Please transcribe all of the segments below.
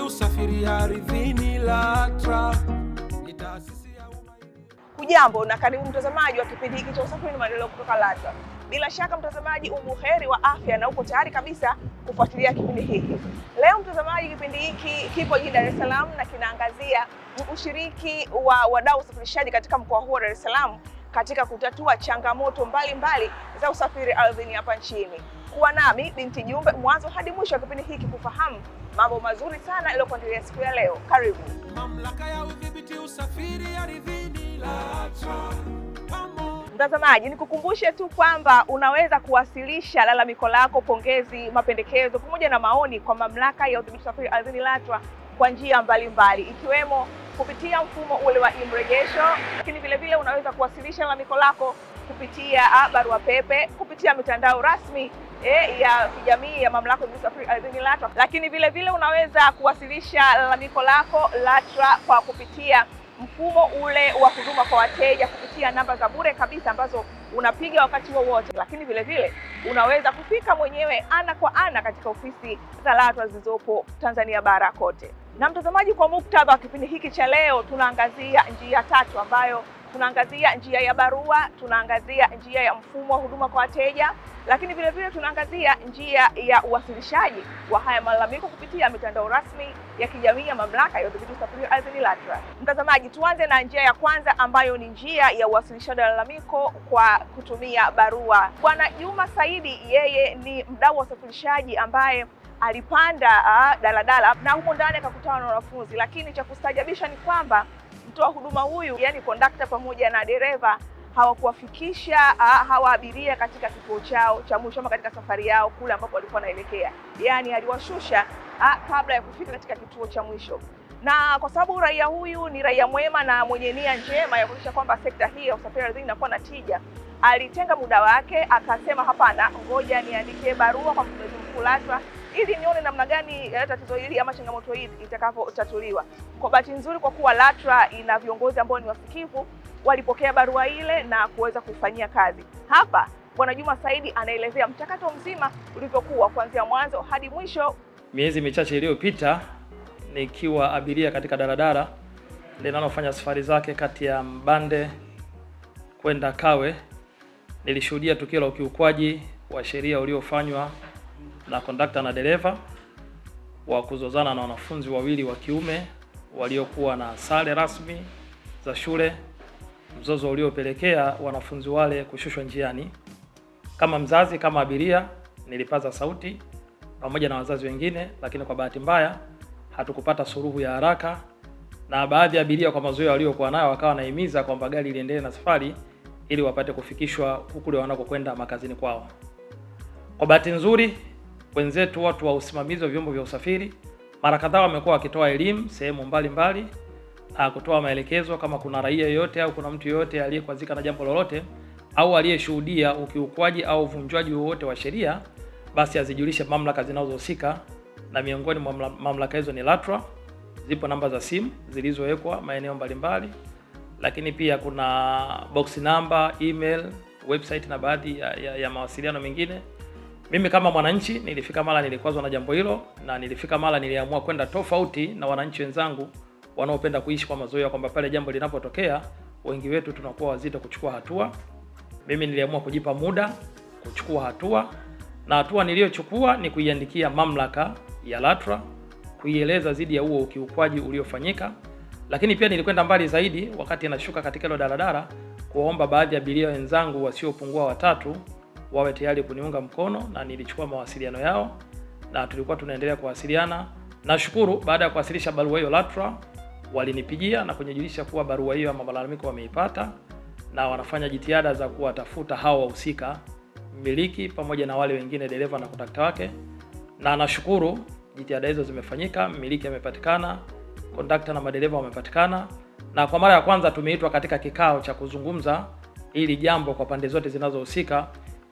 usafiri ardhini LATRA. Hujambo na karibu mtazamaji wa kipindi hiki cha usafiri na maendeleo kutoka LATRA. Bila shaka mtazamaji, ubuheri wa afya na uko tayari kabisa kufuatilia kipindi hiki leo. Mtazamaji, kipindi hiki kipo jijini Dar es Salaam na kinaangazia ushiriki wa wadau usafirishaji katika mkoa huu wa Dar es Salaam katika kutatua changamoto mbalimbali mbali za usafiri ardhini hapa nchini. Kuwa nami Binti Jumbe mwanzo hadi mwisho wa kipindi hiki kufahamu mambo mazuri sana yaliyokuandalia siku ya leo. Karibu. Mamlaka ya udhibiti usafiri ardhini LATRA. Mtazamaji, nikukumbushe tu kwamba unaweza kuwasilisha lalamiko lako, pongezi, mapendekezo pamoja na maoni kwa mamlaka ya udhibiti usafiri ardhini LATRA kwa njia mbalimbali ikiwemo kupitia mfumo ule wa imregesho lakini vilevile unaweza kuwasilisha lalamiko lako kupitia ah, barua pepe, kupitia mitandao rasmi E, ya kijamii ya mamlaka ya usafiri ardhini LATRA, lakini vile vile unaweza kuwasilisha lalamiko lako LATRA kwa kupitia mfumo ule wa huduma kwa wateja kupitia namba za bure kabisa ambazo unapiga wakati wowote wa, lakini vile vile unaweza kufika mwenyewe ana kwa ana katika ofisi za LATRA zilizopo Tanzania bara kote. Na mtazamaji, kwa muktadha wa kipindi hiki cha leo, tunaangazia njia tatu ambayo tunaangazia njia ya barua, tunaangazia njia ya mfumo wa huduma kwa wateja, lakini vile vile tunaangazia njia ya uwasilishaji wa haya malalamiko kupitia mitandao rasmi ya kijamii ya Mamlaka ya Udhibiti Usafiri Ardhini LATRA. Mtazamaji, tuanze na njia ya kwanza ambayo ni njia ya uwasilishaji wa malalamiko kwa kutumia barua. Bwana Juma Saidi, yeye ni mdau wa usafirishaji ambaye alipanda ah, daladala na humo ndani akakutana na wanafunzi, lakini cha kustajabisha ni kwamba mtoa huduma huyu, yani kondakta pamoja na dereva hawakuwafikisha ah, hawa abiria katika kituo chao cha mwisho ama katika safari yao kule ambapo walikuwa wanaelekea, yani aliwashusha ah, kabla ya kufika katika kituo cha mwisho. Na kwa sababu raia huyu ni raia mwema na mwenye nia njema ya kuhakikisha kwamba sekta hii ya usafiri ardhini inakuwa na tija, alitenga muda wake akasema, hapana, ngoja niandike barua kwa mkurugenzi mkuu LATRA ili nione namna gani eh, tatizo hili ama changamoto hii itakavyotatuliwa. Kwa bahati nzuri, kwa kuwa LATRA ina viongozi ambao ni wasikivu, walipokea barua ile na kuweza kufanyia kazi. Hapa Bwana Juma Saidi anaelezea mchakato mzima ulivyokuwa kuanzia mwanzo hadi mwisho. Miezi michache iliyopita, nikiwa abiria katika daladala linalofanya safari zake kati ya Mbande kwenda Kawe, nilishuhudia tukio la ukiukwaji wa sheria uliofanywa na kondakta na dereva wa kuzozana na wanafunzi wawili wa kiume waliokuwa na sare rasmi za shule, mzozo uliopelekea wanafunzi wale kushushwa njiani. Kama mzazi, kama abiria, nilipaza sauti pamoja na wazazi wengine, lakini kwa bahati mbaya hatukupata suluhu ya haraka, na baadhi ya abiria kwa mazoea waliokuwa nayo wakawa wanahimiza kwamba gari liendelee na safari ili wapate kufikishwa kule wanakokwenda makazini kwao. Kwa bahati nzuri wenzetu watu wa usimamizi wa vyombo vya usafiri mara kadhaa wamekuwa wakitoa elimu sehemu mbalimbali, ah, kutoa maelekezo kama kuna raia yoyote au kuna mtu yoyote aliyekwazika na jambo lolote au aliyeshuhudia ukiukwaji au uvunjwaji wowote wa sheria, basi azijulishe mamlaka zinazohusika, na miongoni mwa mamlaka hizo ni LATRA. Zipo namba za simu zilizowekwa maeneo mbalimbali, lakini pia kuna box namba, email, website na baadhi ya, ya, ya mawasiliano mengine. Mimi kama mwananchi nilifika mara nilikwazwa na jambo hilo, na nilifika mara niliamua kwenda tofauti na wananchi wenzangu wanaopenda kuishi kwa mazoea, kwamba pale jambo linapotokea wengi wetu tunakuwa wazito kuchukua hatua. Mimi niliamua kujipa muda kuchukua hatua, na hatua niliyochukua ni kuiandikia mamlaka ya LATRA kuieleza dhidi ya huo ukiukwaji uliofanyika, lakini pia nilikwenda mbali zaidi wakati nashuka katika hilo daladala kuwaomba baadhi ya abiria wenzangu wasiopungua watatu wawe tayari kuniunga mkono, na nilichukua mawasiliano yao na tulikuwa tunaendelea kuwasiliana. Nashukuru baada ya kuwasilisha barua hiyo LATRA walinipigia na kunijulisha kuwa barua hiyo ama malalamiko wameipata na wanafanya jitihada za kuwatafuta hao wahusika, mmiliki pamoja na wale wengine, dereva na kontakta wake, na nashukuru jitihada hizo zimefanyika. Mmiliki amepatikana, kontakta na madereva wamepatikana, na kwa mara ya kwanza tumeitwa katika kikao cha kuzungumza ili jambo kwa pande zote zinazohusika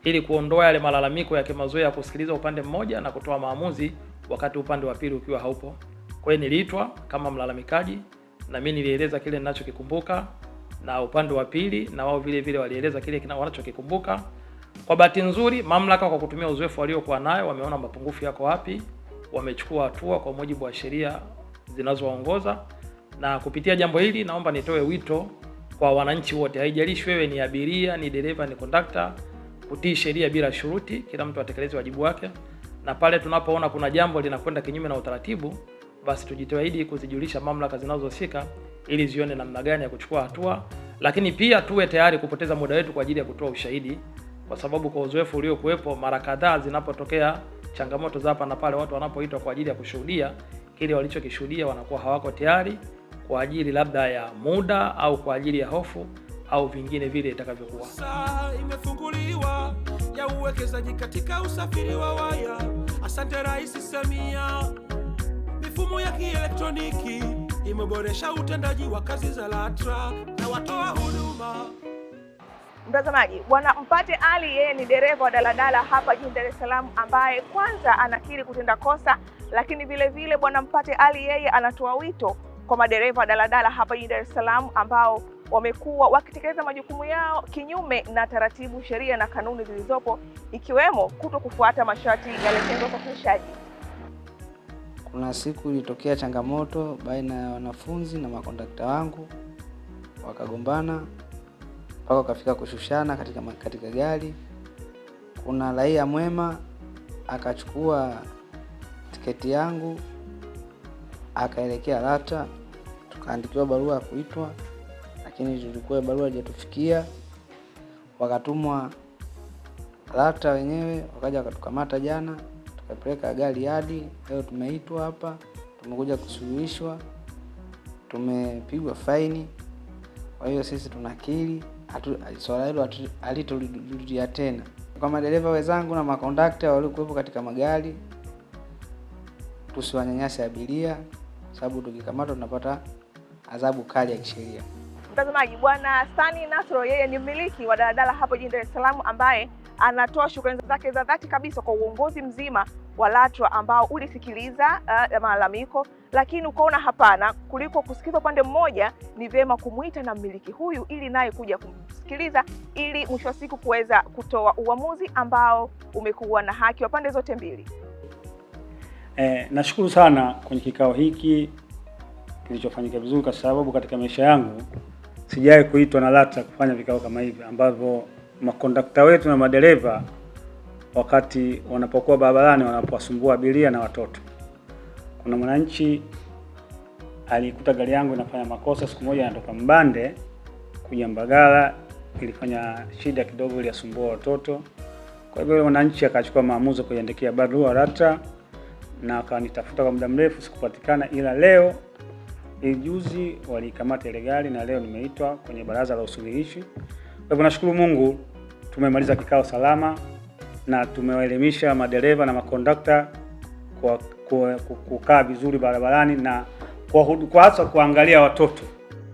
ili kuondoa yale malalamiko ya kimazoea ya kusikiliza upande mmoja na kutoa maamuzi wakati upande wa pili ukiwa haupo. Kwa hiyo niliitwa kama mlalamikaji na mimi nilieleza kile ninachokikumbuka na upande wa pili na wao vile vile walieleza kile wanachokikumbuka. Kwa bahati nzuri, mamlaka kwa kutumia uzoefu waliokuwa nayo wameona mapungufu yako wapi, wamechukua hatua kwa mujibu wa sheria zinazowaongoza. Na kupitia jambo hili, naomba nitoe wito kwa wananchi wote, haijalishi wewe ni abiria, ni dereva, ni conductor kutii sheria bila shuruti, kila mtu atekeleze wajibu wake, na pale tunapoona kuna jambo linakwenda kinyume na utaratibu, basi tujitahidi kuzijulisha mamlaka zinazohusika ili zione namna gani ya kuchukua hatua, lakini pia tuwe tayari kupoteza muda wetu kwa ajili ya kutoa ushahidi, kwa sababu kwa uzoefu uliokuwepo, mara kadhaa zinapotokea changamoto za hapa na pale, watu wanapoitwa kwa ajili ya kushuhudia kile walichokishuhudia, wanakuwa hawako tayari kwa ajili labda ya muda au kwa ajili ya hofu au vingine vile itakavyokuwa. imefunguliwa ya uwekezaji katika usafiri wa waya. Asante Rais Samia. Mifumo ya kielektroniki imeboresha utendaji wa kazi za LATRA na watoa huduma. Mtazamaji, Bwana Mpate Ali yeye ni dereva wa daladala hapa jijini Dar es Salaam, ambaye kwanza anakiri kutenda kosa, lakini vilevile Bwana Mpate Ali yeye anatoa wito kwa madereva wa daladala hapa jijini Dar es Salaam ambao wamekuwa wakitekeleza majukumu yao kinyume na taratibu, sheria na kanuni zilizopo, ikiwemo kuto kufuata masharti yaliyotengwa kwa usafirishaji. Kuna siku ilitokea changamoto baina ya wanafunzi na makondakta wangu, wakagombana mpaka wakafika kushushana katika, katika gari. Kuna raia mwema akachukua tiketi yangu akaelekea LATRA, tukaandikiwa barua ya kuitwa lakini tulikuwa barua haijatufikia. Wakatumwa rata wenyewe wakaja wakatukamata jana, tukapeleka gari hadi leo. Tumeitwa hapa, tumekuja kusuluhishwa, tumepigwa faini. Kwa hiyo sisi tunakili swala hilo halitorudia tena. Kwa madereva wenzangu na makondakta waliokuwepo katika magari, tusiwanyanyasi abiria, sababu tukikamatwa tunapata adhabu kali ya kisheria. Mtazamaji, bwana Sani Nasro yeye ni mmiliki wa daladala hapo jijini Dar es Salaam ambaye anatoa shukrani zake za dhati kabisa kwa uongozi mzima wa LATRA ambao ulisikiliza uh, malalamiko, lakini ukaona hapana, kuliko kusikiza upande mmoja, ni vyema kumwita na mmiliki huyu ili naye kuja kumsikiliza, ili mwisho wa siku kuweza kutoa uamuzi ambao umekuwa na haki wa pande zote mbili. Eh, nashukuru sana kwenye kikao hiki kilichofanyika vizuri, kwa sababu katika maisha yangu sijawahi kuitwa na LATRA kufanya vikao kama hivi ambavyo makondakta wetu na madereva wakati wanapokuwa barabarani wanapowasumbua abiria na watoto. Kuna mwananchi alikuta gari yangu inafanya makosa siku moja, anatoka Mbande kuja Mbagala, ilifanya shida kidogo, iliasumbua watoto. Kwa hivyo mwananchi akachukua maamuzi kuiandikia barua LATRA na akanitafuta kwa muda mrefu, sikupatikana, ila leo Juzi walikamata ile gari na leo nimeitwa kwenye baraza la usuluhishi. Kwa hivyo nashukuru Mungu tumemaliza kikao salama na tumewaelimisha madereva na makondakta kwa kukaa vizuri barabarani na kwa hasa kuangalia watoto.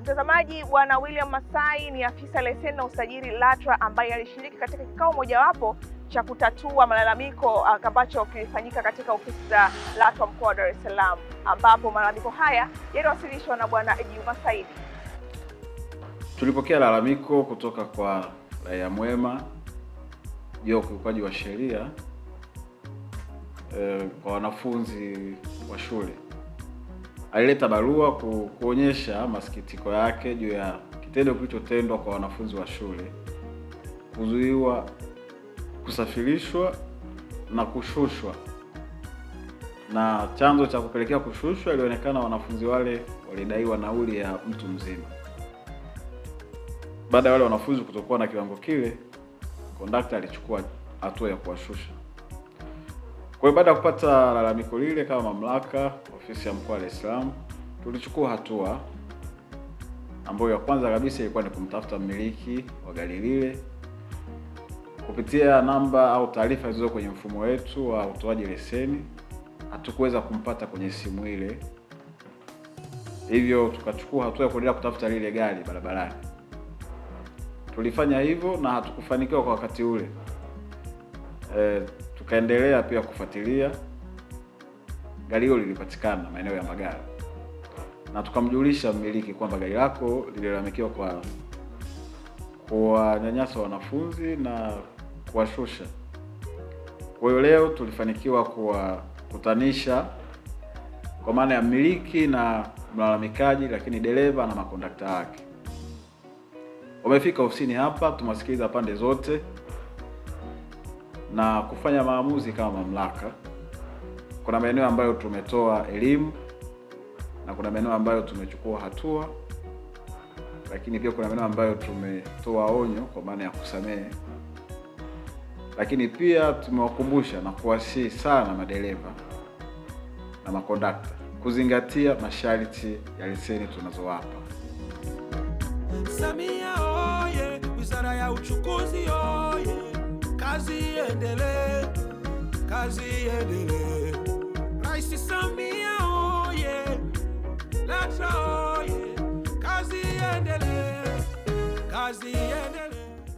Mtazamaji, Bwana William Masai ni afisa leseni na usajili LATRA ambaye alishiriki katika kikao mojawapo cha kutatua malalamiko ah, ambacho kilifanyika katika ofisi za LATRA mkoa wa Dar es Salaam, ambapo malalamiko haya yaliwasilishwa na Bwana Juma Saidi. Tulipokea lalamiko kutoka kwa raia mwema juu ya ukiukaji wa sheria e, kwa wanafunzi wa shule. Alileta barua ku, kuonyesha masikitiko yake juu ya kitendo kilichotendwa kwa wanafunzi wa shule kuzuiwa kusafirishwa na kushushwa, na chanzo cha kupelekea kushushwa ilionekana wanafunzi wale walidaiwa nauli ya mtu mzima. Baada ya wale wanafunzi kutokuwa na kiwango kile, kondakta alichukua hatua ya kuwashusha. Kwa hiyo baada ya kupata lalamiko lile, kama mamlaka, ofisi ya mkoa wa Dar es Salaam, tulichukua hatua ambayo ya kwanza kabisa ilikuwa ni kumtafuta mmiliki wa gari lile Kupitia namba au taarifa zilizo kwenye mfumo wetu wa utoaji leseni, hatukuweza kumpata kwenye simu ile, hivyo tukachukua hatua ya kuendelea kutafuta lile gari barabarani. Tulifanya hivyo na hatukufanikiwa kwa wakati ule. E, tukaendelea pia kufuatilia gari hilo, lilipatikana maeneo ya Mbagala na tukamjulisha mmiliki kwamba gari lako lililalamikiwa kwa kuwanyanyasa wanafunzi na kuwashusha. Kwa hiyo leo tulifanikiwa kuwakutanisha kwa maana ya mmiliki na mlalamikaji, lakini dereva na makondakta wake wamefika ofisini hapa, tumewasikiliza pande zote na kufanya maamuzi kama mamlaka. Kuna maeneo ambayo tumetoa elimu na kuna maeneo ambayo tumechukua hatua, lakini pia kuna maeneo ambayo tumetoa onyo kwa maana ya kusamehe lakini pia tumewakumbusha na kuwasihi sana madereva na makondakta kuzingatia masharti ya leseni tunazowapa. Samia oye! Wizara ya Uchukuzi oye! Kazi iendelee, kazi iendelee. Rais Samia oye! LATRA oye! Kazi iendelee, kazi iendelee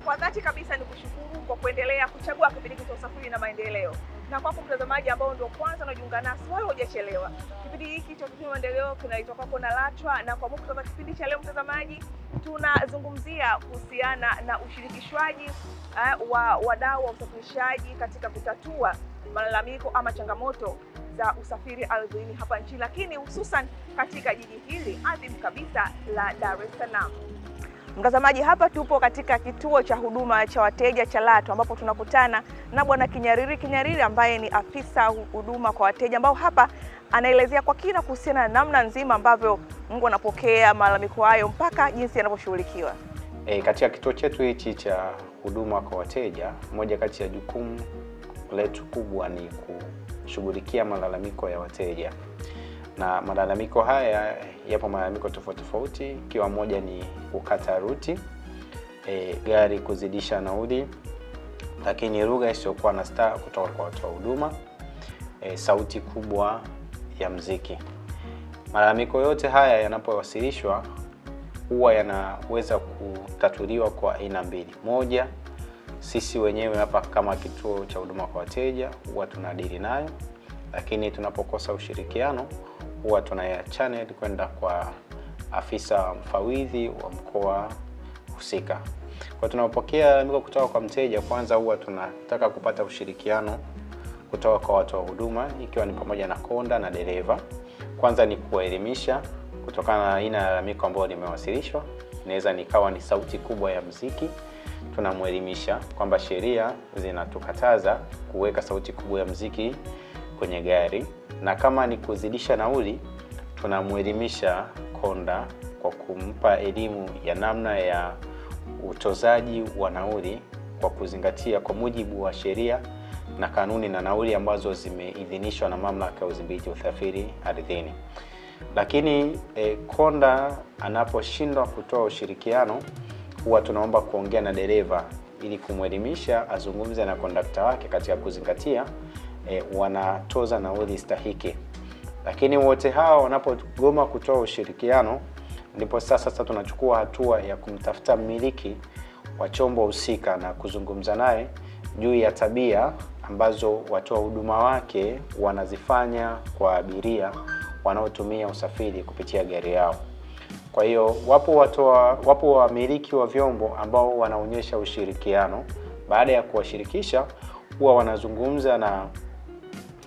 kwa dhati kabisa ni kushukuru kwa kuendelea kuchagua kipindi cha usafiri na maendeleo. Na kwako mtazamaji ambao ndio kwanza unajiunga nasi, wala hujachelewa. Kipindi hiki cha usafiri na maendeleo kinaitwa kwako na LATRA, na kwa muktadha kipindi cha leo mtazamaji, tunazungumzia kuhusiana na ushirikishwaji eh, wa wadau wa usafirishaji katika kutatua malalamiko ama changamoto za usafiri ardhini hapa nchini, lakini hususan katika jiji hili adhimu kabisa la Dar es Salaam. Mtazamaji, hapa tupo katika kituo cha huduma cha wateja cha LATO ambapo tunakutana na bwana Kinyariri Kinyariri ambaye ni afisa huduma kwa wateja, ambao hapa anaelezea kwa kina kuhusiana na namna nzima ambavyo Mungu anapokea malalamiko hayo mpaka jinsi yanavyoshughulikiwa. E, katika kituo chetu hichi cha huduma kwa wateja, moja kati ya jukumu letu kubwa ni kushughulikia malalamiko ya wateja na malalamiko haya yapo malalamiko tofauti tofauti, ikiwa moja ni kukata ruti e, gari kuzidisha nauli, lakini lugha isiyokuwa na staha kutoka kwa watu wa huduma e, sauti kubwa ya mziki. Malalamiko yote haya yanapowasilishwa huwa yanaweza kutatuliwa kwa aina mbili. Moja, sisi wenyewe hapa kama kituo cha huduma kwa wateja huwa tunadili nayo, lakini tunapokosa ushirikiano huwa tunaya channel kwenda kwa afisa mfawidhi wa mkoa husika. Kwa tunapokea miko kutoka kwa mteja, kwanza huwa tunataka kupata ushirikiano kutoka kwa watu wa huduma, ikiwa ni pamoja na konda na dereva. Kwanza ni kuwaelimisha kutokana na aina ya lalamiko ambayo limewasilishwa, inaweza nikawa ni sauti kubwa ya mziki. Tunamwelimisha kwamba sheria zinatukataza kuweka sauti kubwa ya mziki kwenye gari na kama ni kuzidisha nauli, tunamwelimisha konda kwa kumpa elimu ya namna ya utozaji wa nauli kwa kuzingatia kwa mujibu wa sheria na kanuni na nauli ambazo zimeidhinishwa na Mamlaka ya Udhibiti Usafiri Ardhini. Lakini e, konda anaposhindwa kutoa ushirikiano, huwa tunaomba kuongea na dereva ili kumwelimisha azungumze na kondakta wake katika kuzingatia e, wanatoza nauli stahiki, lakini wote hao wanapogoma kutoa ushirikiano, ndipo sasa sasa tunachukua hatua ya kumtafuta mmiliki wa chombo husika na kuzungumza naye juu ya tabia ambazo watoa huduma wake wanazifanya kwa abiria wanaotumia usafiri kupitia gari yao. Kwa hiyo wapo watoa, wapo wamiliki wa vyombo ambao wanaonyesha ushirikiano. Baada ya kuwashirikisha, huwa wanazungumza na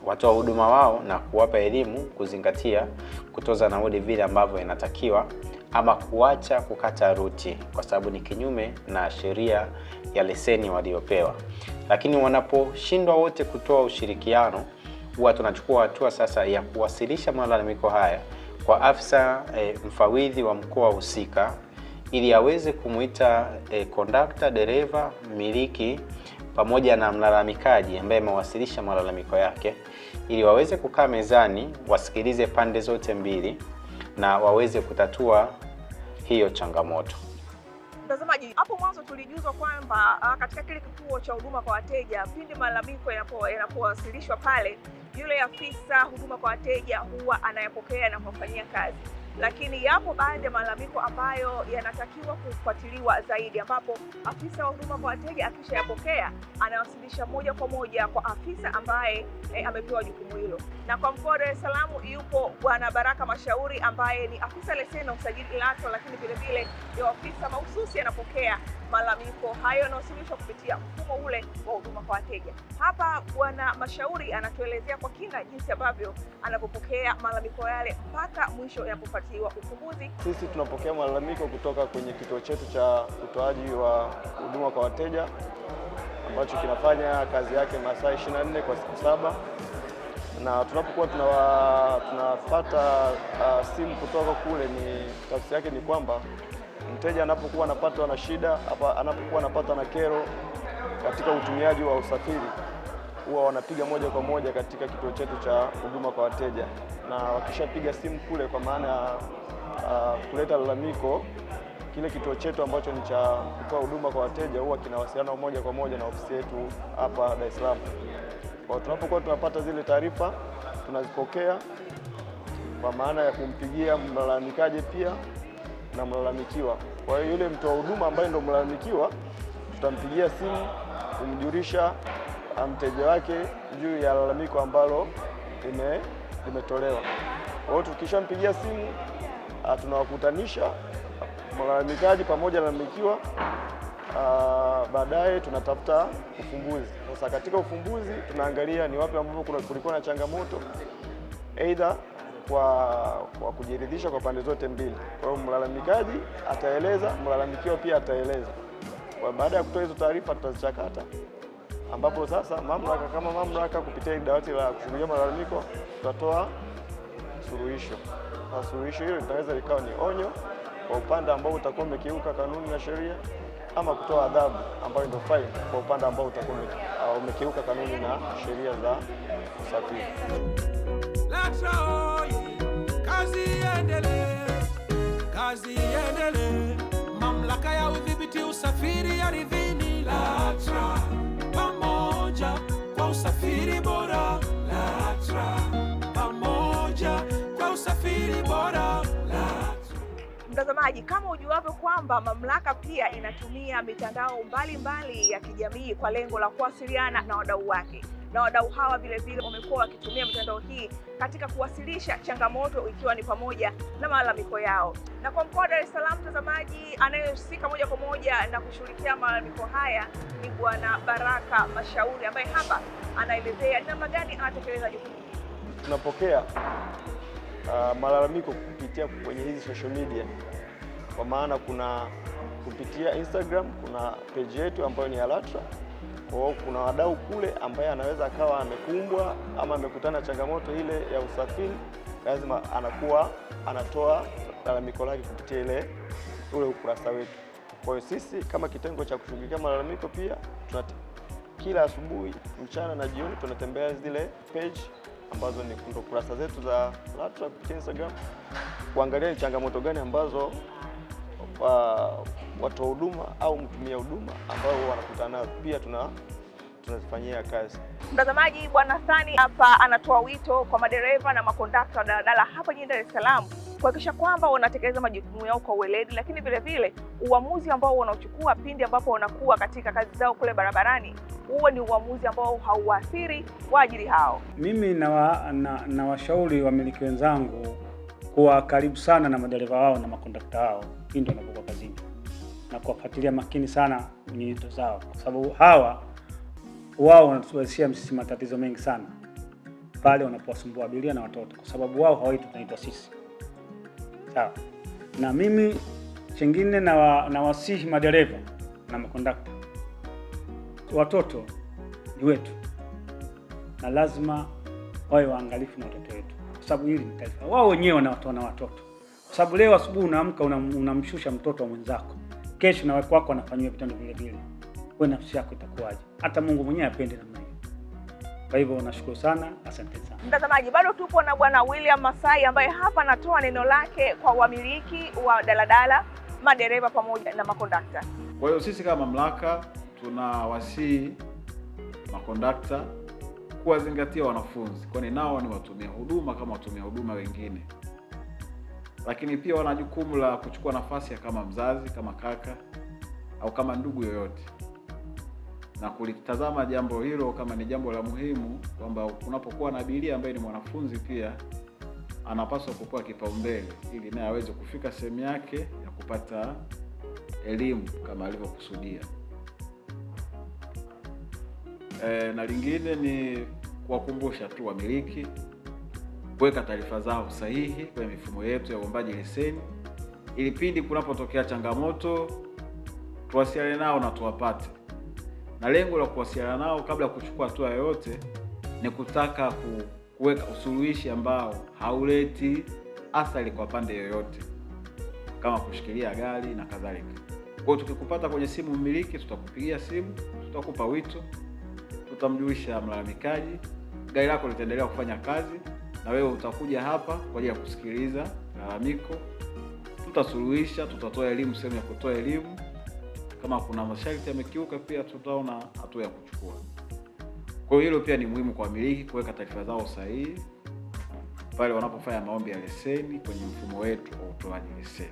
watoa huduma wao na kuwapa elimu kuzingatia kutoza nauli vile ambavyo inatakiwa ama kuacha kukata ruti kwa sababu ni kinyume na sheria ya leseni waliopewa. Lakini wanaposhindwa wote kutoa ushirikiano, huwa tunachukua hatua sasa ya kuwasilisha malalamiko haya kwa afisa e, mfawidhi wa mkoa husika ili aweze kumwita e, eh, kondakta, dereva, miliki pamoja na mlalamikaji ambaye amewasilisha malalamiko yake ili waweze kukaa mezani, wasikilize pande zote mbili na waweze kutatua hiyo changamoto. Mtazamaji, hapo mwanzo tulijuzwa kwamba ah, katika kile kituo cha huduma kwa wateja, pindi malalamiko yanapowasilishwa pale, yule afisa huduma kwa wateja huwa anayapokea na kufanyia kazi lakini yapo baadhi ya malalamiko ambayo yanatakiwa kufuatiliwa zaidi, ambapo afisa wa huduma kwa wateja akishayapokea anawasilisha moja kwa moja kwa afisa ambaye eh, amepewa jukumu hilo. Na kwa mkoa wa Dar es Salaam yupo Bwana Baraka Mashauri ambaye ni afisa leseni na usajili LATRA, lakini vilevile ni afisa mahususi anapokea malalamiko hayo yanawasilishwa kupitia mfumo ule wa huduma kwa wateja. Hapa Bwana Mashauri anatuelezea kwa kina jinsi ambavyo anapopokea malalamiko yale mpaka mwisho yanapofika kufuatilia ufumbuzi. Sisi tunapokea malalamiko kutoka kwenye kituo chetu cha utoaji wa huduma kwa wateja ambacho kinafanya kazi yake masaa 24 kwa siku saba na tunapokuwa tunapata uh, simu kutoka kule, ni tafsiri yake ni kwamba mteja anapokuwa anapatwa na shida, anapokuwa anapatwa na kero katika utumiaji wa usafiri huwa wanapiga moja kwa moja katika kituo chetu cha huduma kwa wateja, na wakishapiga simu kule, kwa maana ya uh, kuleta lalamiko, kile kituo chetu ambacho ni cha kutoa huduma kwa wateja huwa kinawasiliana moja kwa moja na ofisi yetu hapa Dar es Salaam. Kwa tunapokuwa tunapata zile taarifa tunazipokea kwa maana ya kumpigia mlalamikaji pia na mlalamikiwa. Kwa hiyo yule mtoa huduma ambaye ndo mlalamikiwa tutampigia simu kumjulisha mteja wake juu ya lalamiko ambalo limetolewa. Kwa hiyo tukishampigia simu ah, tunawakutanisha malalamikaji pamoja na mlalamikiwa, ah, baadaye tunatafuta ufumbuzi. Sasa katika ufumbuzi tunaangalia ni wapi ambapo kulikuwa na changamoto, aidha kwa, kwa kujiridhisha kwa pande zote mbili. Kwa hiyo mlalamikaji ataeleza, mlalamikiwa pia ataeleza. Baada ya kutoa hizo taarifa tutazichakata ambapo sasa mamlaka kama mamlaka kupitia dawati la kushughulikia malalamiko tutatoa suluhisho na suluhisho hilo litaweza likawa ni onyo kwa upande ambao utakuwa umekiuka kanuni na sheria ama kutoa adhabu ambayo ndio fine kwa upande ambao utakuwa umekiuka kanuni na sheria za usafiri. Kazi iendelee, kazi iendelee. Mamlaka ya Udhibiti Usafiri Ardhini LATRA pamoja kwa usafiri bora LATRA, pamoja kwa usafiri bora Mtazamaji, kama ujuavyo kwamba mamlaka pia inatumia mitandao mbalimbali mbali ya kijamii kwa lengo la kuwasiliana na wadau wake na wadau hawa vilevile wamekuwa wakitumia mitandao hii katika kuwasilisha changamoto ikiwa ni pamoja na malalamiko yao. Na kwa mkoa wa Dar es Salaam, mtazamaji anayehusika moja kwa moja na kushughulikia malalamiko haya ni Bwana Baraka Mashauri ambaye hapa anaelezea namna gani anatekeleza jukumu. Tunapokea uh, malalamiko kupitia kwenye hizi social media, kwa maana kuna kupitia Instagram kuna page yetu ambayo ni Alatra kwa kuna wadau kule ambaye anaweza akawa amekumbwa ama amekutana changamoto ile ya usafiri, lazima anakuwa anatoa lalamiko lake kupitia ile ule ukurasa wetu. Kwa hiyo sisi kama kitengo cha kushughulikia malalamiko pia tunate, kila asubuhi, mchana na jioni tunatembea zile page ambazo ni ndo kurasa zetu za LATRA kupitia Instagram kuangalia ni changamoto gani ambazo uh, watoa huduma au mtumia huduma ambao wanakutana pia tuna tunazifanyia kazi. Mtazamaji, Bwana Sani hapa anatoa wito kwa madereva na makondakta wa daladala hapa jijini Dar es Salaam kuhakikisha kwamba wanatekeleza majukumu yao kwa uweledi, lakini vile vile uamuzi ambao wanaochukua pindi ambapo wanakuwa katika kazi zao kule barabarani huo ni uamuzi ambao hauathiri waajiri hao. Mimi nawashauri na, na wamiliki wenzangu kuwa karibu sana na madereva wao na makondakta wao pindi wanapokuwa kazini na kuwafuatilia makini sana nyito zao, kwa sababu hawa wao wanatusababishia sisi matatizo mengi sana pale wanapowasumbua abiria na watoto, kwa sababu wao hawaitwi, tunaitwa sisi. Sawa. Na mimi chengine nawasihi na madereva na makondakta, watoto ni wetu na lazima wawe waangalifu na watoto wetu, kwa sababu hili ni taifa. Wao wenyewe na watoto, kwa sababu leo asubuhi unaamka unamshusha mtoto wa mwenzako kesho na wako wako wanafanyiwa vitendo vile vile, we nafsi yako itakuwaje? Hata Mungu mwenyewe apende namna hiyo. Kwa hivyo nashukuru sana, asante sana mtazamaji. Bado tupo na bwana William Masai ambaye hapa anatoa neno lake kwa wamiliki wa daladala, madereva pamoja na makondakta. Kwa hiyo sisi kama mamlaka tunawasihi makondakta kuwazingatia wanafunzi, kwani nao ni watumia huduma kama watumia huduma wengine lakini pia wana jukumu la kuchukua nafasi ya kama mzazi, kama kaka au kama ndugu yoyote, na kulitazama jambo hilo kama ni jambo la muhimu, kwamba unapokuwa na abiria ambaye ni mwanafunzi pia anapaswa kupewa kipaumbele ili naye aweze kufika sehemu yake ya kupata elimu kama alivyokusudia. E, na lingine ni kuwakumbusha tu wamiliki kuweka taarifa zao sahihi kwenye mifumo yetu ya uombaji leseni, ili pindi kunapotokea changamoto tuwasiliane nao na tuwapate. Na lengo la kuwasiliana nao kabla ya kuchukua hatua yoyote ni kutaka kuweka usuluhishi ambao hauleti athari kwa pande yoyote, kama kushikilia gari na kadhalika. Kwa tukikupata kwenye simu mmiliki, tutakupigia simu, tutakupa wito, tutamjulisha mlalamikaji, gari lako litaendelea kufanya kazi na wewe utakuja hapa kwa ajili ya kusikiliza malalamiko, tutasuluhisha, tutatoa elimu sehemu ya kutoa elimu. Kama kuna masharti yamekiuka, pia tutaona hatua ya kuchukua. Kwa hiyo hilo pia ni muhimu kwa wamiliki kuweka taarifa zao sahihi pale wanapofanya maombi ya leseni kwenye mfumo wetu wa utoaji leseni.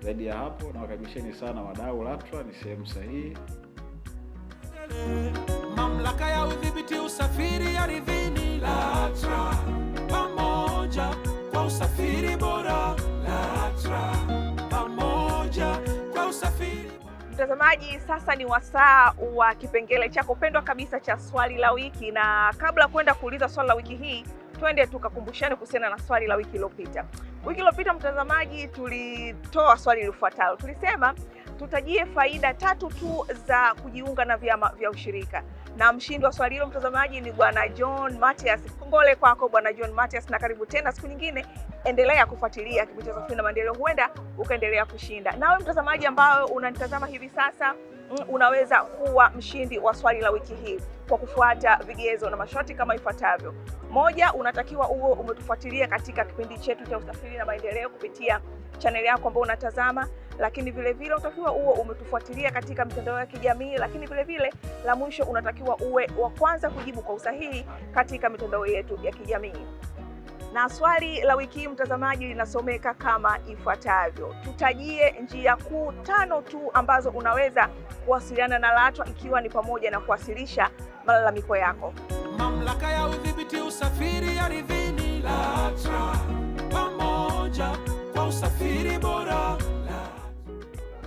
Zaidi ya hapo, nawakaribisheni sana wadau. LATRA ni sehemu sahihi, mamlaka ya udhibiti usafiri ardhini. LATRA pamoja kwa usafiri bora. LATRA pamoja kwa usafiri. Mtazamaji, sasa ni wasaa wa kipengele chako pendwa kabisa cha swali la wiki, na kabla kwenda kuuliza swali la wiki hii twende tukakumbushane kuhusiana na swali la wiki iliyopita. Wiki iliyopita mtazamaji, tulitoa swali lifuatalo, tulisema tutajie faida tatu tu za kujiunga na vyama vya ushirika. Na mshindi wa swali hilo mtazamaji ni bwana John Matias. Kongole kwako bwana John Matias, na karibu tena siku nyingine. Endelea kufuatilia kipindi cha Safina Maendeleo, huenda ukaendelea kushinda. Nawe mtazamaji ambao unanitazama hivi sasa, mm, unaweza kuwa mshindi wa swali la wiki hii kwa kufuata vigezo na masharti kama ifuatavyo. Moja, unatakiwa uwe umetufuatilia katika kipindi chetu cha Usafiri na Maendeleo kupitia chaneli yako ambayo unatazama lakini vile vile unatakiwa uwe umetufuatilia katika mitandao ya kijamii, lakini vile vile la mwisho unatakiwa uwe wa kwanza kujibu kwa usahihi katika mitandao yetu ya kijamii. Na swali la wiki hii mtazamaji, linasomeka kama ifuatavyo: tutajie njia kuu tano tu ambazo unaweza kuwasiliana na LATRA ikiwa ni pamoja na kuwasilisha malalamiko yako. Mamlaka ya udhibiti usafiri ardhini LATRA, pamoja kwa usafiri bora.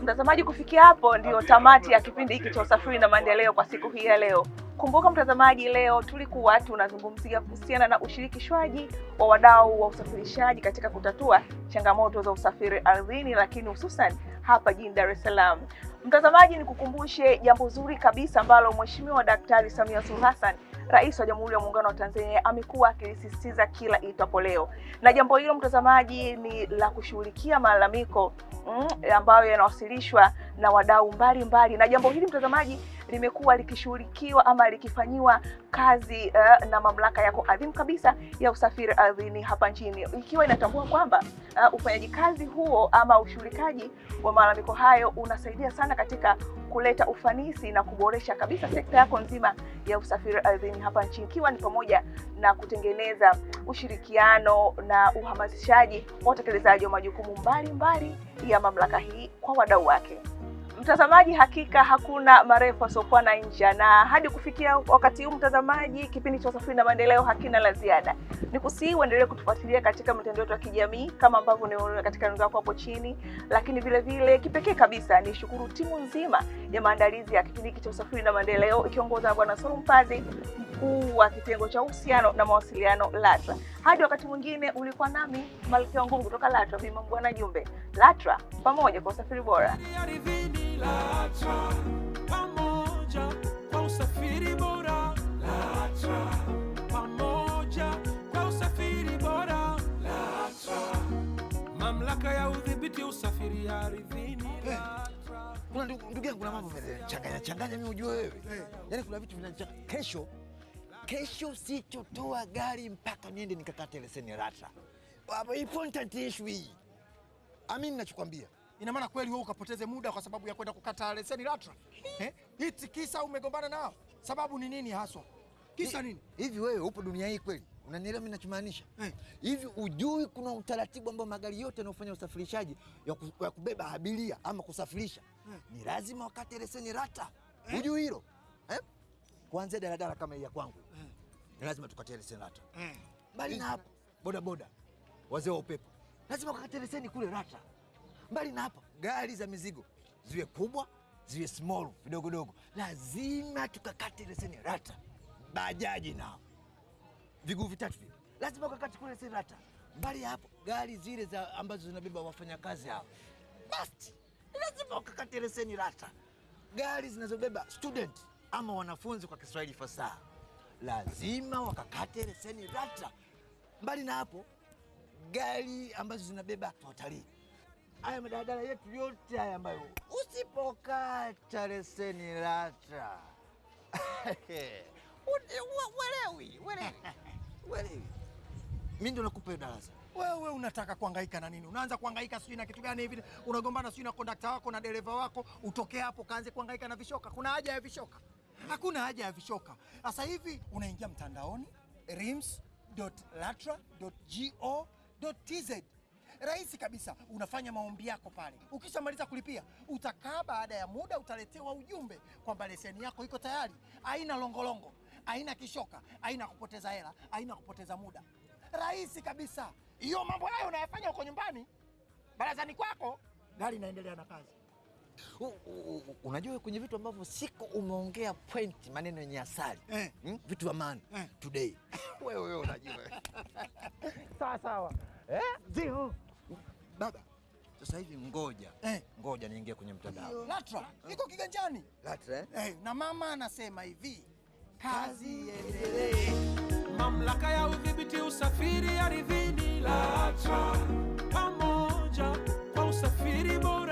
Mtazamaji, kufikia hapo ndio tamati ya kipindi hiki cha usafiri na maendeleo kwa siku hii ya leo. Kumbuka mtazamaji, leo tulikuwa tunazungumzia kuhusiana na ushirikishwaji wa wadau wa usafirishaji katika kutatua changamoto za usafiri ardhini, lakini hususan hapa jijini Dar es Salaam. Mtazamaji, ni kukumbushe jambo zuri kabisa ambalo Mheshimiwa Daktari Samia Suluhu Hassan, Rais wa Jamhuri ya Muungano wa Tanzania, amekuwa akilisisitiza kila itapo leo, na jambo hilo mtazamaji, ni la kushughulikia malalamiko mm, ambayo yanawasilishwa na wadau mbalimbali, na jambo hili mtazamaji limekuwa likishughulikiwa ama likifanyiwa kazi uh, na mamlaka yako adhimu kabisa ya usafiri ardhini hapa nchini, ikiwa inatambua kwamba uh, ufanyaji kazi huo ama ushughulikaji wa malalamiko hayo unasaidia sana katika kuleta ufanisi na kuboresha kabisa sekta yako nzima ya usafiri ardhini hapa nchini, ikiwa ni pamoja na kutengeneza ushirikiano na uhamasishaji wa utekelezaji wa majukumu mbalimbali ya mamlaka hii kwa wadau wake. Mtazamaji, hakika hakuna marefu asiokuwa na ncha, na hadi kufikia wakati huu mtazamaji, kipindi cha usafiri na maendeleo hakina la ziada. Nikusihi uendelee kutufuatilia katika mitandao yetu ya kijamii kama ambavyo unaona katika yako hapo chini, lakini vile vile kipekee kabisa ni shukuru timu nzima ya maandalizi ya kipindi hiki cha usafiri na maendeleo ikiongoza Bwana Salum Pazi, mkuu wa kitengo cha uhusiano na mawasiliano LATRA. Hadi wakati mwingine, ulikuwa nami Malkia Nguru kutoka LATRA, mimi Mbwana Jumbe. LATRA, pamoja kwa usafiri bora. LATRA kwa kwa ya udhibiti usafiri ardhini. Eh. Kuna ndugu yangu, kuna mambo changanya changanya, mimi ujue wewe, eh. yaani kuna vitu vinachanganya. Kesho kesho sichotoa gari mpaka niende nikakate leseni LATRA. important issue hii, amini nachokwambia. Ina maana kweli wewe ukapoteze muda kwa sababu ya kwenda kukata leseni LATRA eh? Iti kisa umegombana nao, sababu ni nini haswa? Kisa nini? Hivi wewe upo dunia hii kweli? Unanielewa mimi ninachomaanisha? Eh. Hivi eh, ujui kuna utaratibu ambao magari yote yanayofanya usafirishaji ya kubeba abiria ama kusafirisha eh, ni lazima wakate leseni LATRA eh? Ujui hilo eh? Kuanzia daladala kama hii ya kwangu eh, ni lazima tukate leseni LATRA eh. Bali na eh. hapo bodaboda, wazee wa upepo lazima wakate leseni kule LATRA Mbali na hapo, gari za mizigo ziwe kubwa ziwe small vidogodogo, lazima tukakate leseni rata. Bajaji nao viguu vitatu vile lazima ukakate kule leseni rata. Mbali ya hapo, gari zile za ambazo zinabeba wafanyakazi hao basi lazima ukakate leseni rata. Gari zinazobeba student ama wanafunzi kwa Kiswahili fasaha lazima wakakate leseni rata. Mbali na hapo, gari ambazo zinabeba watalii haya madaladala yetu yote haya ambayo usipokata leseni LATRA welewi welewi welewi, mimi ndo nakupa hiyo darasa. Wewe unataka kuhangaika na nini? Unaanza kuhangaika sijui na kitu gani hivi, unagombana sijui na kondakta wako na dereva wako, utokee hapo kaanze kuhangaika na vishoka. Kuna haja ya vishoka? Hakuna haja ya vishoka. Sasa hivi unaingia mtandaoni rims.latra.go.tz rahisi kabisa. Unafanya maombi yako pale, ukishamaliza kulipia utakaa, baada ya muda utaletewa ujumbe kwamba leseni yako iko tayari. Haina longolongo, haina kishoka, haina kupoteza hela, haina kupoteza muda, rahisi kabisa. Hiyo mambo hayo unayafanya huko nyumbani, barazani kwako, gari inaendelea na kazi. unajua kwenye vitu ambavyo siko umeongea point, maneno yenye asali eh, hmm? Vitu vya maana eh, today wewe wewe unajua sawa sawa eh? dada. Sasa hivi ngoja eh, ngoja niingie kwenye mtandao. LATRA iko kiganjani. LATRA eh? eh, na mama anasema hivi, kazi endelee. Mamlaka ya udhibiti usafiri ardhini LATRA, pamoja kwa usafiri bora.